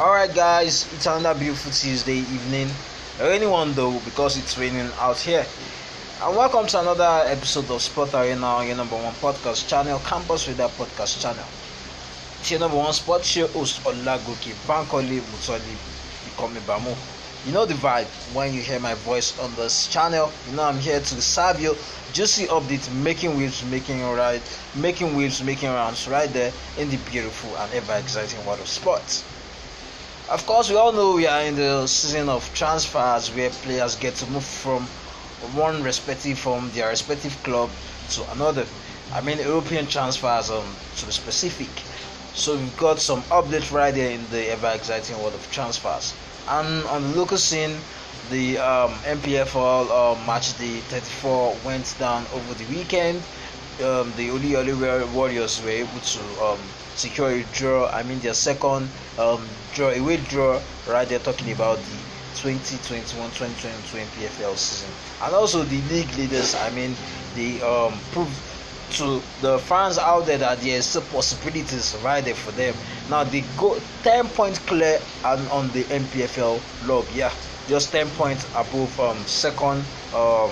Alright, guys, it's another beautiful Tuesday evening. anyone rainy one though, because it's raining out here. And welcome to another episode of Sport Arena, your number one podcast channel, Campus Radar Podcast Channel. It's your number one sports show host, Olagoke Bankole Mutoli bamu. You know the vibe when you hear my voice on this channel. You know I'm here to serve you. Juicy update, making waves, making right, making waves, making rounds right there in the beautiful and ever exciting world of sports. Of course, we all know we are in the season of transfers where players get to move from one respective from their respective club to another. I mean, European transfers um, to be specific. So we've got some updates right there in the ever exciting world of transfers. And on the local scene, the um, MPFL uh, match day 34 went down over the weekend um, the Oli Oliver Warriors were able to um, secure a draw. I mean, their second um, draw, away draw, right there, talking about the 2021-2022 PFL season. And also the league leaders, I mean, they um, proved to the fans out there that there's still possibilities right there for them. Now they go 10 points clear and on the MPFL log, yeah, just 10 points above um, second um,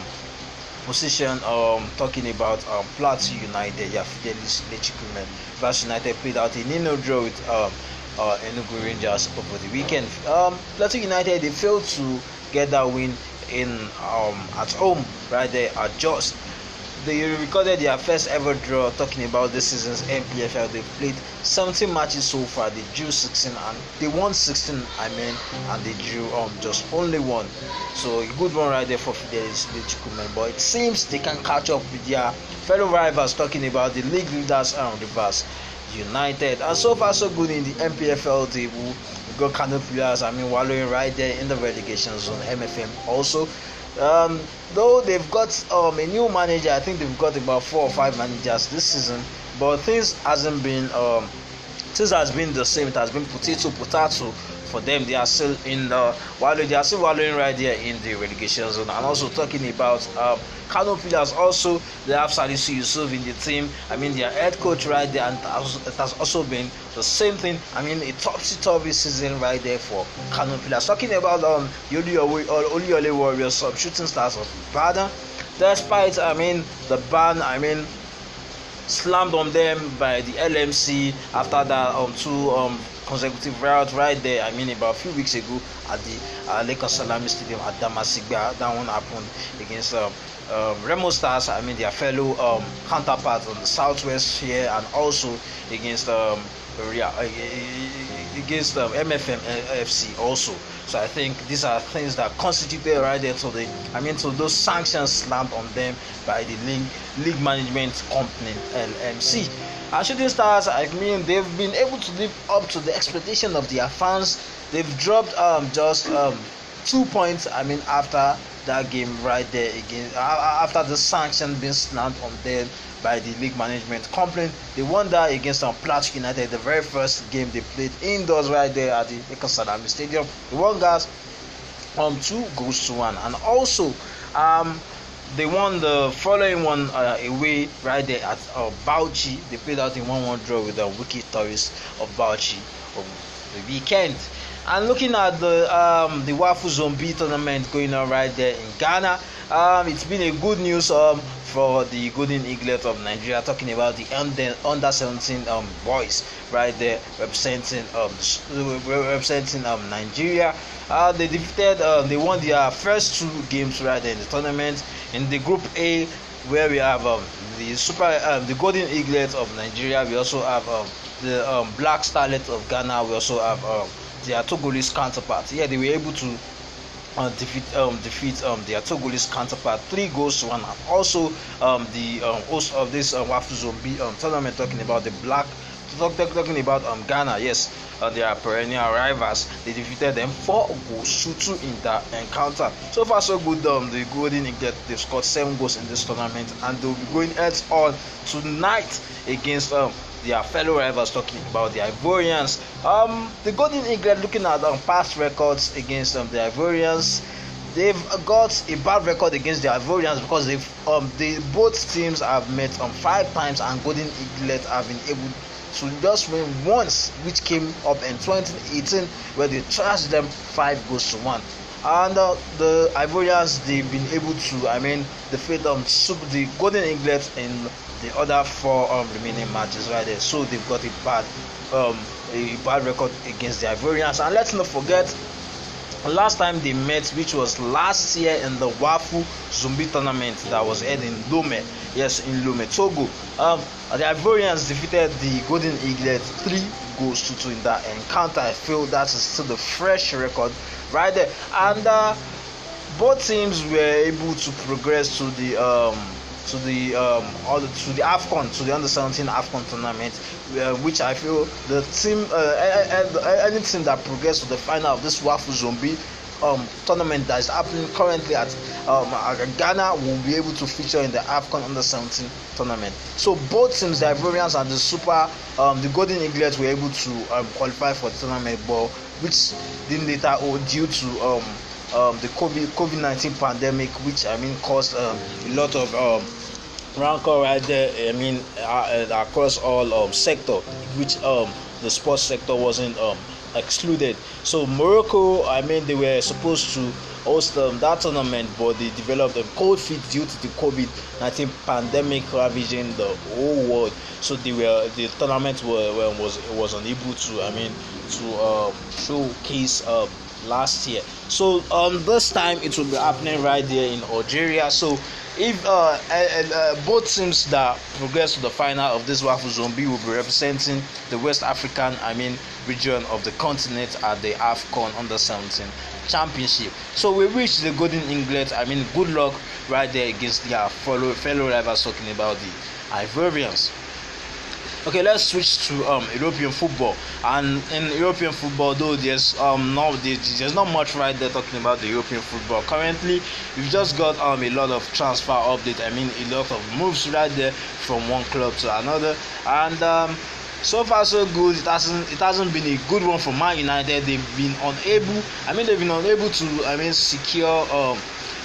position um, talking about um, Plateau United, yeah, Fidelis Lechikimen. Vast United played out a nil draw with um, uh, Enugu Rangers over the weekend. Um, Plateau United, they failed to get that win in um, at home right there at Just they recorded their first ever draw talking about this season's MPFL. they played 17 matches so far. They drew 16 and they won 16, I mean, and they drew um just only one. So a good one right there for Fidelis Chukwumen. But it seems they can catch up with their fellow rivals talking about the league leaders and rivals, United. And so far, so good in the MPFL table. We got Kano Players. I mean, wallowing right there in the relegation zone. MFM also um, though they've got um, a new manager, I think they've got about four or five managers this season, but things hasn't been um, things has been the same. It has been potato potato for them they are still in the while they are still wallowing right there in the relegation zone and also talking about um Kano Pillars also they have Salisu Yusuf in the team I mean their head coach right there and it has also been the same thing I mean a topsy-turvy season right there for Kano Pillars talking about um Oliole Warriors some shooting stars of Ibadan despite I mean the ban I mean slammed on them by the LMC after that um two um consecutive round, right there. I mean, about a few weeks ago at the uh, Lakers Salami Stadium at Damasigba, that one happened against um, um, Remo Stars. I mean, their fellow um, counterparts on the southwest here, and also against um, uh, against um, MFM FC uh, also. So I think these are things that constitute right there to the, I mean, to those sanctions slammed on them by the league, league management company LMC. And shooting stars, I mean, they've been able to live up to the expectation of their fans. They've dropped um, just um, two points. I mean, after that game right there again, after the sanction being snapped on them by the league management complaint, they won that against um, Platch United, the very first game they played indoors right there at the Ekosanami Stadium. They won guys um two goals to one, and also um they won the following one uh, away right there at uh, Bauchi. They played out in 1 1 draw with the wicked tourists of Bauchi over the weekend. And looking at the um, the Waffle Zombie tournament going on right there in Ghana, um, it's been a good news um, for the Golden Eaglet of Nigeria, talking about the under, under 17 um, boys right there representing um representing um Nigeria. Uh, they defeated uh, they won their first two games right there in the tournament in the Group A, where we have um, the super um, the Golden Eaglet of Nigeria. We also have um, the um, Black Starlet of Ghana. We also have um, their Togolese counterparts. Yeah, they were able to uh, defeat um, defeat um, their Togolese counterpart three goals to one. And also um, the um, host of this WAFU um, Wafuzo B um, tournament talking about the black talk, talk, talking about um, Ghana. Yes, uh, they are perennial rivals. They defeated them four goals to two in that encounter. So far so good. Um, the Golden get they've scored seven goals in this tournament, and they'll be going heads on tonight against um, their fellow rivals, talking about the Ivorians. Um, the Golden Eagle looking at um, past records against um, the Ivorians, they've got a bad record against the Ivorians because they've um, the both teams have met um, five times and Golden Eaglet have been able to just win once, which came up in 2018 where they thrashed them five goals to one. And uh, the Ivorians, they've been able to, I mean, defeat um, the Golden Eaglet in the other four um, remaining matches right there. So they've got a bad, um, a bad record against the Ivorians. And let's not forget, last time they met, which was last year in the Wafu Zumbi tournament that was held in Lome, yes, in Lome, Togo. Um, the Ivorians defeated the Golden Eaglets three goals to two in that encounter. I feel that is still the fresh record right there, and uh, both teams were able to progress to the um, to the um, all the, to the AFCON to the under 17 AFCON tournament, uh, which I feel the team uh, any team that progresses to the final of this Wafu Zombie um, tournament that is happening currently at um, Ghana will be able to feature in the AFCON Under 17 tournament. So both teams, the Ivorians and the Super, um, the Golden Eaglets, were able to um, qualify for the tournament, but which didn't later due to um, um, the COVID 19 pandemic, which I mean caused a lot of Ranko right there. I mean, uh, uh, across all um, sector, which um, the sports sector wasn't um, excluded. So Morocco, I mean, they were supposed to host um, that tournament, but they developed a cold feet due to the COVID-19 pandemic ravaging the whole world. So they were the tournament were, were was was unable to, I mean, to um, showcase. Uh, last year so um this time it will be happening right there in algeria so if uh, and, uh, both teams that progress to the final of this Waffle Zone B will be representing the West African, I mean, region of the continent at the AFCON Under 17 Championship. So we wish the Golden England, I mean, good luck right there against their fellow fellow rivals talking about the Ivorians. Okay, let's switch to um, European football. And in European football, though, there's um no there's, there's not much right there talking about the European football. Currently, we've just got um a lot of transfer update. I mean, a lot of moves right there from one club to another. And um, so far so good it hasn't it hasn't been a good one for man united they've been unable i mean they've been unable to i mean secure um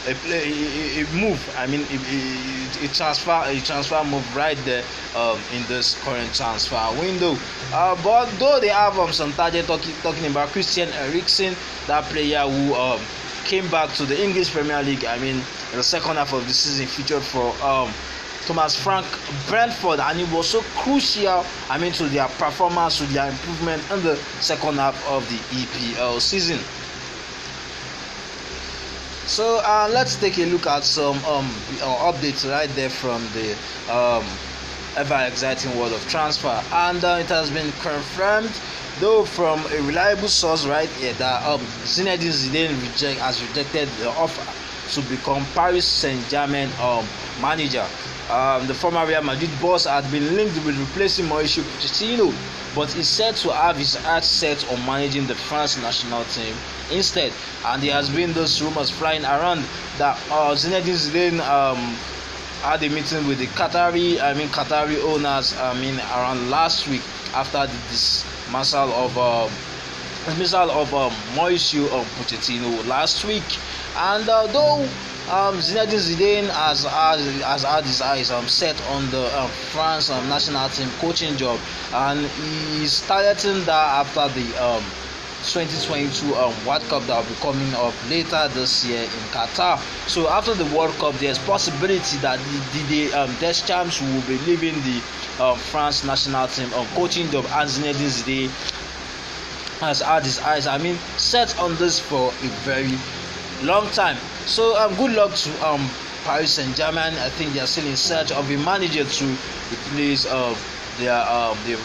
a uh, it, a move. I mean, a transfer A transfer move right there um, in this current transfer window. Uh, but though they have um, some target talking, talking about Christian Eriksen, that player who um, came back to the English Premier League. I mean, the second half of the season featured for. Um, Thomas Frank Brentford, and it was so crucial, I mean, to their performance, to their improvement in the second half of the EPL season. So uh, let's take a look at some um, uh, updates right there from the um, ever exciting world of transfer. And uh, it has been confirmed, though, from a reliable source right here that um, Zinedine Zidane reject, has rejected the offer to become Paris Saint Germain um, manager. Um, the former Real Madrid boss had been linked with replacing Mauricio Pochettino, but is said to have his heart set on managing the France national team instead. And there has been those rumors flying around that uh, Zinedine Zidane um, had a meeting with the Qatari, I mean Qatari owners, I mean around last week after the dismissal of uh, dismissal of um, Mauricio of Pochettino last week. And uh, though um, Zinedine Zidane has, has, has had his eyes um, set on the um, France um, national team coaching job, and he's targeting that after the um, 2022 um, uh, World Cup that will be coming up later this year in Qatar. So after the World Cup, there's possibility that the, the, the um, Deschamps will be leaving the uh, France national team, um, coaching the Anzinedine Zidane has had his eyes, I mean, set on this for a very long time. So um, good luck to um, Paris Saint Germain. I think they are still in search of a manager to replace. Uh, their um, their,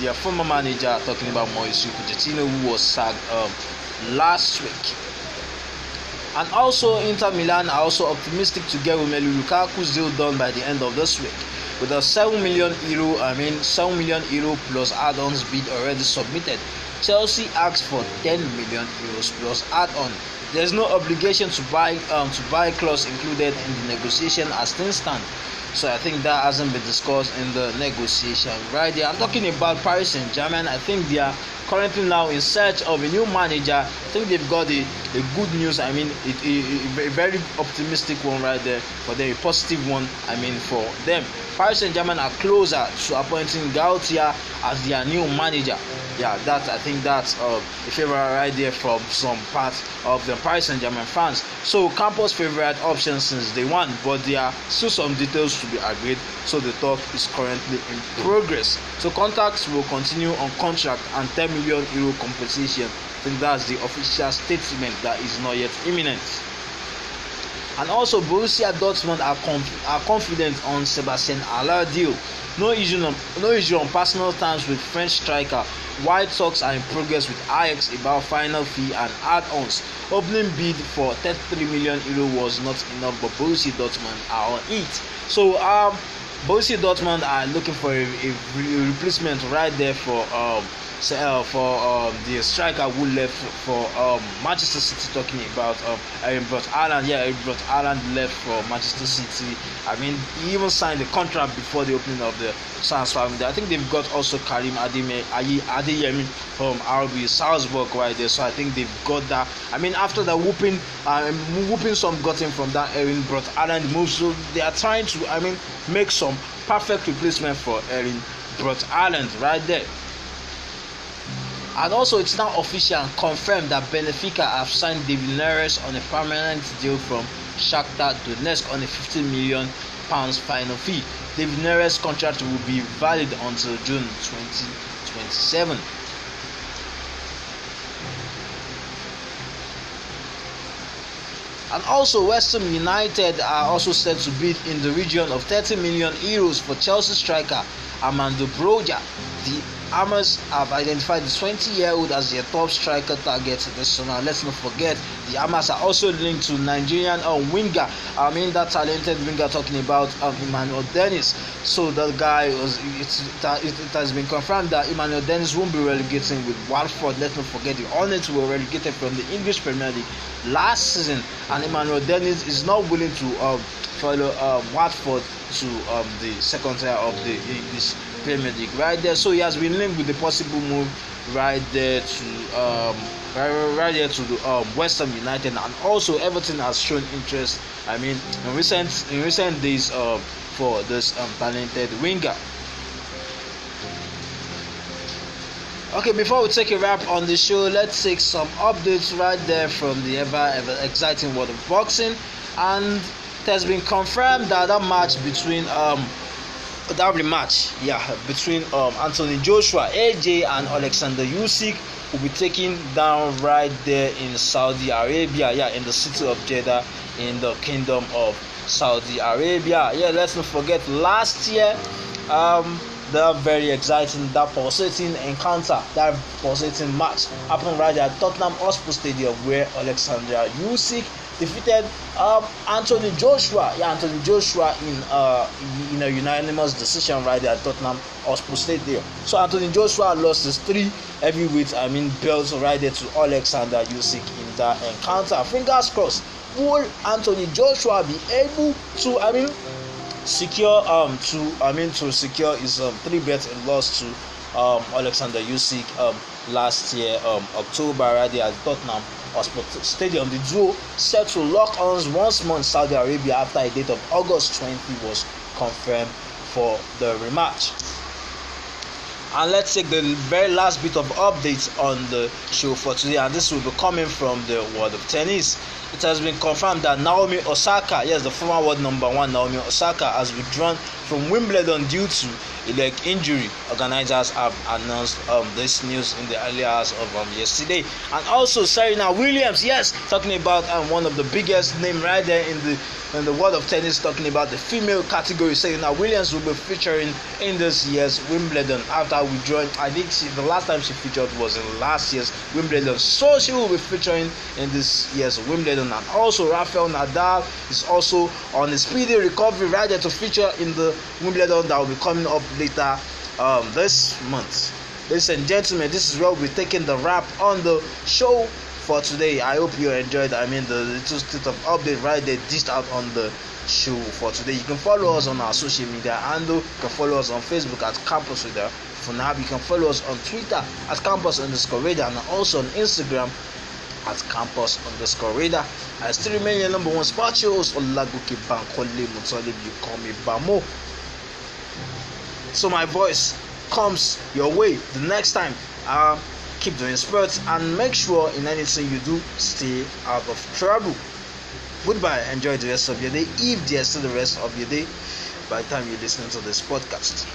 their, former manager talking about Mauricio Pochettino who was sacked um, last week. And also Inter Milan are also optimistic to get Romelu Lukaku's deal done by the end of this week. With a 7 million euro, I mean 7 million euro plus add-ons bid already submitted, Chelsea asked for 10 million euros plus add-on. There's no obligation to buy um, to buy clause included in the negotiation as things stand. So I think that hasn't been discussed in the negotiation right there. I'm talking about Paris Saint Germain. I think they are currently now in search of a new manager. I think they've got a, a good news. I mean, it, a, a, very optimistic one right there but a positive one. I mean, for them. Paris Saint Germain are closer to appointing Gautier as their new manager. Yeah, that I think that's uh, a favorite right there from some part of the Paris Saint Germain fans. So, Campos' favorite option since day one, but there are still some details to be agreed. So, the talk is currently in progress. So, contacts will continue on contract and term million euro compensation. I think that's the official statement that is not yet imminent. And also, Borussia Dortmund are, conf- are confident on Sebastian Haller deal. No issue, on, no issue on personal terms with French striker. White talks are in progress with Ajax about final fee and add-ons. Opening bid for 33 million euro was not enough, but Borussia Dortmund are on it. So, um, Borussia Dortmund are looking for a, a, a replacement right there for um, uh, for um, the striker who left for um, Manchester City. Talking about um, Aaron Brot Ireland, yeah, Aaron Brot Ireland left for Manchester City. I mean, he even signed the contract before the opening of the transfer window. I think they've got also Karim Adeyemi Adeyemi from RB Salzburg right there. So I think they've got that. I mean, after the whooping, uh, um, whooping some gotten from that Aaron Brot Ireland move, so they are trying to, I mean, make some perfect replacement for Aaron Brot Ireland right there. And also, it's now official and confirmed that Benfica have signed David Neres on a permanent deal from Shakhtar Donetsk on a 15 million pounds final fee. David Neres' contract will be valid until June 2027. And also, Western United are also set to bid in the region of 30 million euros for Chelsea striker Armando Broja. The Hammers have identified the 20 year old as their top striker target this summer. Let's not forget, the Hammers are also linked to Nigerian um, winger. I mean, that talented winger talking about um, Emmanuel Dennis. So, that guy was, it, it, it, has been confirmed that Emmanuel Dennis won't be relegating with Watford. Let's not forget, the Hornets were relegated from the English Premier League last season, and Emmanuel Dennis is not willing to um, follow um, Watford to um, the second tier of the English Premier League right there. So he has been linked with the possible move right there to um, right, right there to the, um, West Ham United, and also Everton has shown interest. I mean, in recent in recent days uh, for this um, talented winger. Okay, before we take a wrap on the show, let's take some updates right there from the ever ever exciting world of boxing. And it has been confirmed that that match between um, that match, yeah, between um, Anthony Joshua, AJ, and Alexander Usyk will be taking down right there in Saudi Arabia, yeah, in the city of Jeddah, in the Kingdom of Saudi Arabia. Yeah, let's not forget last year, um, that very exciting, that pulsating encounter, that pulsating match happened right at Tottenham Hotspur Stadium, where Alexander Usyk defeated um, Anthony Joshua. Yeah, Anthony Joshua in uh, in a unanimous decision right there at Tottenham Hotspur Stadium. So Anthony Joshua lost his three heavyweight, I mean, belts right there to Alexander Usyk in that encounter. Fingers crossed, will Anthony Joshua be able to, I mean, secure um to I mean to secure his um, three belts and loss to um Alexander Usyk um last year um October right there at Tottenham Hospital Stadium. The duo to lock arms once more in Saudi Arabia after a date of August 20 was confirmed for the rematch. And let's take the very last bit of updates on the show for today, and this will be coming from the world of tennis. It has been confirmed that Naomi Osaka, yes, the former world number one Naomi Osaka, has withdrawn from Wimbledon due to leg injury. Organizers have announced um, this news in the early hours of um, yesterday. And also Serena Williams, yes, talking about um, one of the biggest name right there in the in the world of tennis, talking about the female category. Serena Williams will be featuring in this year's Wimbledon after withdrawing. I think she, the last time she featured was in last year's Wimbledon, so she will be featuring in this year's Wimbledon. And also Rafael Nadal is also on a speedy recovery right there to feature in the Wimbledon that will be coming up later um, this month. Ladies and gentlemen, this is where we'll be taking the wrap on the show for today. I hope you enjoyed. I mean, the little state of update right there, dished out on the show for today. You can follow us on our social media handle. You can follow us on Facebook at Campus Radar. For now, you can follow us on Twitter at Campus underscore Reader and also on Instagram at Campus underscore Reader. I still remain your number one spot, your host, Olagoke Bankole Mutolib. You call me Bamo so my voice comes your way the next time. Uh, keep doing sports and make sure in anything you do, stay out of trouble. Goodbye. Enjoy the rest of your day. If there's still the rest of your day by the time you're listening to this podcast.